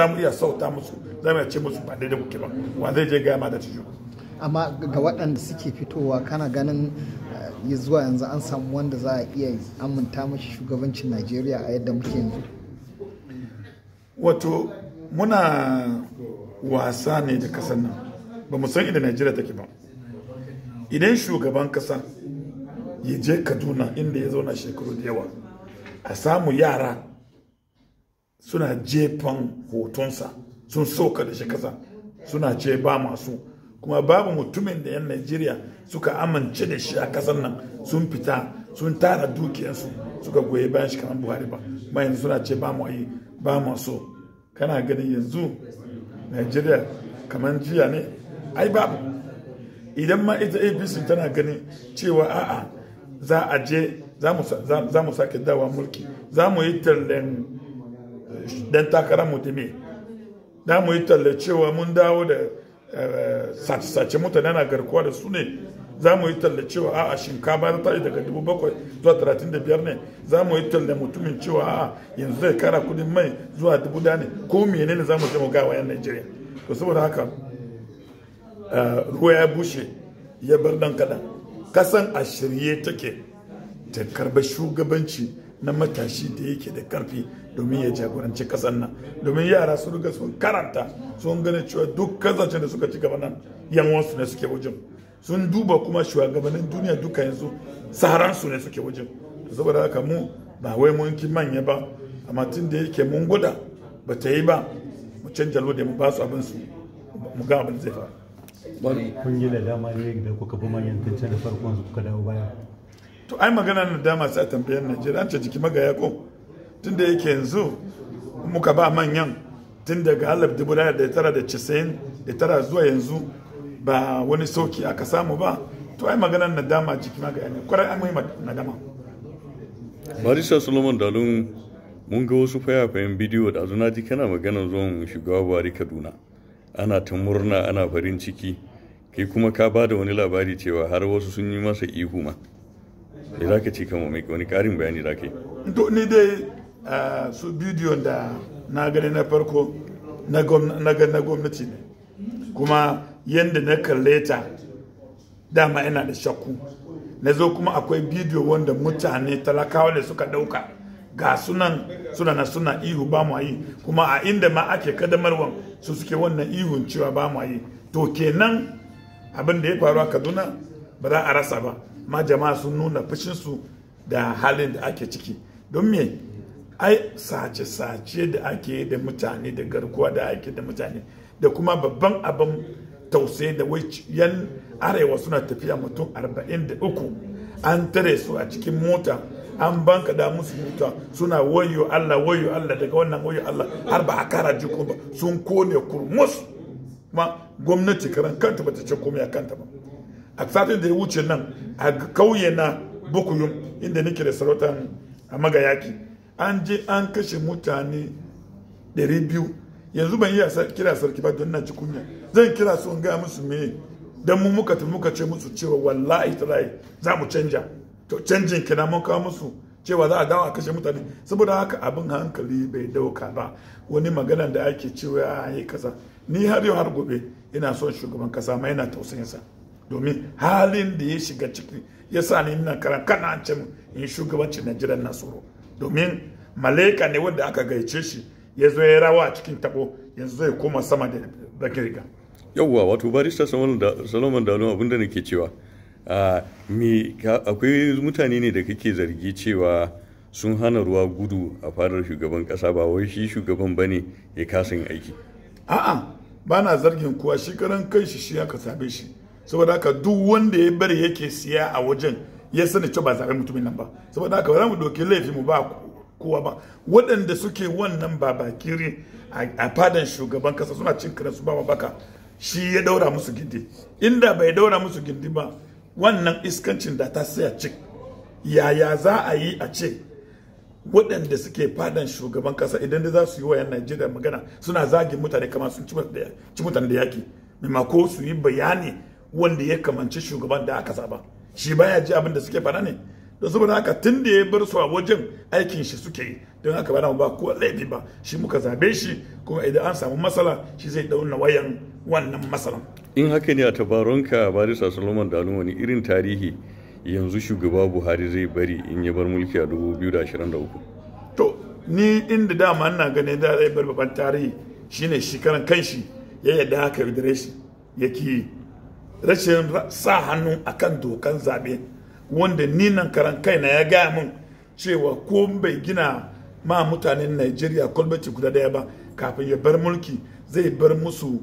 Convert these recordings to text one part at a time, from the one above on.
za mu sauta musu wa zai je amma ga waɗanda suke fitowa kana ganin ya eh, zuwa yanzu an samu wanda za a iya aminta mashi shugabancin najeriya a yadda muke yanzu wato muna wasa ne da kasan nan ba mu san inda najeriya take ba idan shugaban kasa ya je kaduna inda ya zauna shekaru da yawa a samu yara suna jefan hotonsa sun soka da shi kasa suna ce ba masu kuma babu mutumin da 'yan Najeriya suka amince da shi a kasar nan sun fita sun tara dukiyarsu suka goye bayan shi kamar Buhari ba ma yanzu suna ce ba mu yi ba mu so kana ganin yanzu Najeriya kamar jiya ne ai babu idan ma ita APC tana ganin cewa a'a za a je za mu sake dawa mulki za mu yi tallen dan takara mutumi da mu yi tallacewa mun dawo da eh, sace mutane na garkuwa da su ne za mu yi talle cewa a shinkafa ta tashi daga dubu zuwa 35 ne za mu yi talle mutumin cewa a yanzu zai kara kudin mai zuwa dubu da ne ko ne za mu je mu ga Najeriya to saboda haka eh, ruwa ya bushe ya bar dan kadan kasan a shirye take ta karba shugabanci na matashi da yake da karfi domin ya jagoranci kasar nan domin yara su riga sun karanta sun gane cewa duk kasashen da suka ci gaba nan wasu ne suke wajen sun duba kuma shugabannin duniya duka yanzu su ne suke wajen saboda haka mu ba wai mun ki manya ba amma tun da yake mun guda ba ta yi ba mu canja lode mu ba su abin su mu ga abin zai faru kun yi da dama ne da kuka bi manyan tantance da farkon su kuka dawo baya to ai magana na dama sai a tambayar Najeriya an ce jiki magaya ko tun da yake yanzu muka ba manyan tun daga halab dubu da tara da casa'in da tara zuwa yanzu ba wani sauki aka samu ba to ai maganar nadama jiki maga yanayi kwarai an yi nadama barisa solomon dalun mun ga wasu fayafayen bidiyo da azuna ji kana magana zuwan shugaba buhari kaduna ana ta murna ana farin ciki kai kuma ka ba da wani labari cewa har wasu sun yi masa ihu ma za ka ce mai wani karin bayani za ka yi Ah, su bidiyo da na gani na farko na gwamnati ne kuma yadda na kalle ta dama yana da shakku na zo kuma akwai bidiyo wanda mutane talakawa da suka dauka ga sunan suna na suna ihu ba mu yi kuma a inda ma ake kadamarwa su suke wannan ihun cewa ba mu yi to kenan abin da ya faru a kaduna ba za a rasa ba ma jama'a sun nuna su da halin da ake ciki don me ai sace-sace da ake da mutane da garkuwa da ake da mutane da kuma babban abin tausayi da wai yan arewa suna tafiya mutum 43 an tare su a cikin mota an banka da musu mota suna wayo Allah wayo Allah daga wannan wayo Allah har ba a kara jiko ba sun kone kurmus ma gwamnati karan kanta bata ce komai a kanta ba a satin da ya wuce nan a kauye na bukuyum inda nake da sarautan a magayaki an je an kashe mutane 200 yanzu ban iya kira sarki ba don na ji kunya zan kira su ga musu me dan mu muka tafi muka ce musu cewa wallahi tallahi za mu canja to canjin kina mun kawo musu cewa za a dawo a kashe mutane saboda haka abin hankali bai dauka ba wani magana da ake cewa a yi kasa ni har yau har gobe ina son shugaban kasa ma yana tausayinsa domin halin da ya shiga ciki ya sa ni ina karan kana an ce in shugabancin najeriya na tsoro domin malaika ne wanda aka gaice shi ya zo ya rawa a cikin tabo yanzu zai koma sama da bakin riga yawwa wato barista solomon dalo abinda nake cewa akwai mutane ne da kake zargi cewa sun hana ruwa gudu a fadar shugaban kasa ba wai shi shugaban bane ya kasa yin aiki a'a ba na zargin kuwa shi karan shi shi aka same shi saboda haka duk wanda ya bari yake siya a wajen ya sani cewa ba zaɓen mutumin nan ba saboda haka ba mu doki laifi mu ba kowa ba waɗanda suke wannan ba bakiri a fadan shugaban kasa suna cin kiran su ba baka shi ya daura musu gindi inda bai daura musu gidi ba wannan iskancin da ta saya cik yaya za a yi a ce waɗanda suke fadan shugaban kasa idan da za su yi wa 'yan najeriya magana suna zagin mutane kama sun ci mutane da yaki ko su yi bayani wanda ya kamanci shugaban da aka saba. shi baya ji abin da suke faɗa ne don saboda haka tun da ya bar su a wajen aikin shi suke yi don haka bana ba ko laifi ba shi muka zabe shi kuma idan an samu matsala shi zai dauna wayan wannan matsala. in haka ne a tabaronka barisa solomon da wani irin tarihi yanzu shugaba buhari zai bari in ya bar mulki a 2023 to ni inda dama ina ganin da zai bar babban tarihi shine shi karan kanshi ya yadda haka bidire shi yake rashin sa hannu akan dokan zaɓe wanda ni nan karan kaina ya gaya min cewa ko bai gina ma mutanen Najeriya kwalbaci guda daya ba kafin ya bar mulki zai bar musu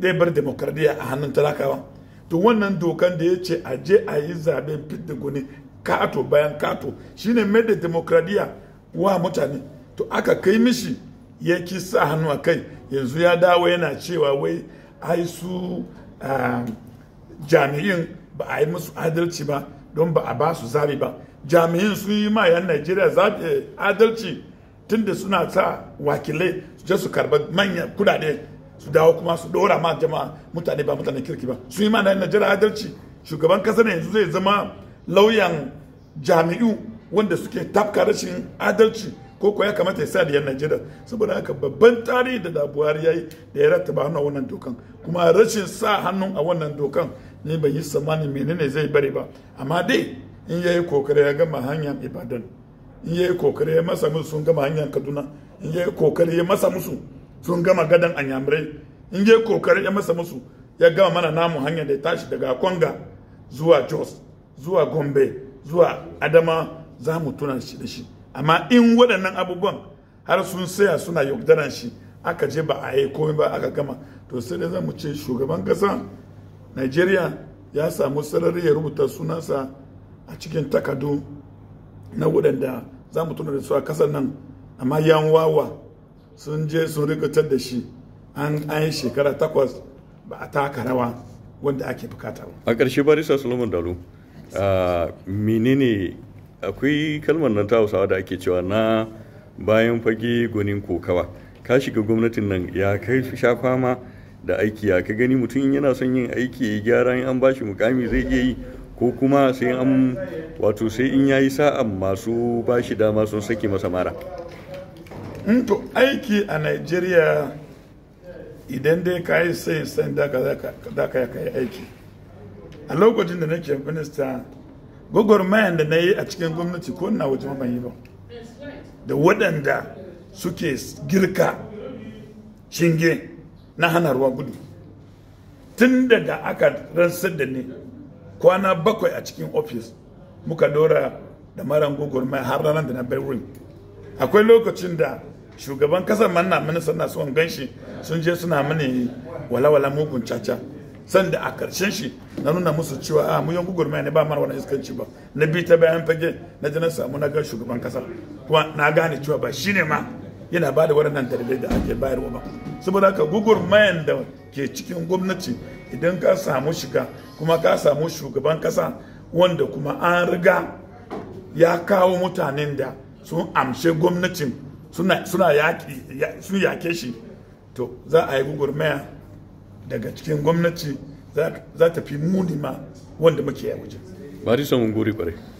zai bar demokradiyya a hannun talakawa to wannan dokan da ya ce a je a yi zaben bidigoni kato bayan kato shine mai da demokradiyya wa mutane to aka kai mishi ya ki sa hannu a kai yanzu ya dawo yana cewa wai ai su ah, jami'in ba a yi musu adalci ba don ba a ba su zabi ba jami'in sun yi ma yan najeriya zabi eh, adalci tunda suna sa wakilai su je su karba manyan kudade su dawo kuma su dora ma jama'a mutane ba mutane kirki ba sun yi ma yan najeriya adalci shugaban kasa ne yanzu zai zama lauyan jami'u wanda suke tafka rashin adalci ko ko ya kamata ya sa da Najeriya saboda haka babban tarihi da da Buhari yayi da ya rattaba hannu a wannan dokan kuma rashin sa hannun a wannan dokan ne bai yi tsammanin menene zai bari ba amma dai in yayi kokare ya gama hanyar Ibadan in yayi kokare ya masa musu sun gama hanyar Kaduna in yayi kokare ya masa musu sun gama gadan Anyamurai in yayi kokare ya masa musu ya gama mana namu hanyar da ya tashi daga Konga zuwa Jos zuwa Gombe zuwa Adama za mu tuna shi da shi amma in waɗannan abubuwan har sun saya suna yaudaran shi aka je ba a yi komai ba aka gama to sai dai zamu ce shugaban kasa Najeriya ya samu sarari ya rubuta sunansa a cikin takardu na waɗanda za mu tuna da su a kasar nan amma yan wawa sun je sun rikitar da shi an yi shekara takwas ba a taka rawa wanda ake bukata ba a ƙarshe barisa sulaiman dalu ah, menene akwai kalmar nan ta hausawa da ake cewa na bayan fage gwanin kokawa ka shiga gwamnatin nan ya kai sha kwama da aiki ya ka gani mutum yana son yin aiki ya gyara an bashi mukami zai iya yi ko kuma sai an wato sai in yayi sa'a masu bashi dama sun sake masa mara in hmm, to aiki a nigeria idan dai ka yi sai san da ka yi aiki a lokacin da nake minista gwagwarmayan da na yi a cikin gwamnati ko na waje ban yi ba da waɗanda suke girka shinge na hana ruwa gudu tun daga aka rantsar da ne kwana bakwai a cikin ofis muka dora da maran gwagwarmaya har ranar da na bai wuri akwai lokacin da shugaban kasar manna mini suna son ganshi sun je suna mini walawala mugun caca sanda a karshen shi na nuna musu cewa a ah, muyan gugurma ne ba mara wani iskanci ba na bi ta bayan fage na ji na samu na ga shugaban kasa kuma na gane cewa ba shine ma yana ba da waɗannan dalilai da ake bayarwa ba saboda haka gugurmayan da ke cikin gwamnati idan ka samu shiga kuma ka samu shugaban kasa wanda kuma an riga ya kawo mutanen da sun amshe gwamnatin suna yaƙe shi to za a yi gugurmaya daga cikin gwamnati za ta fi muni ma wanda muke a wajen. Bari samun gori kwarai.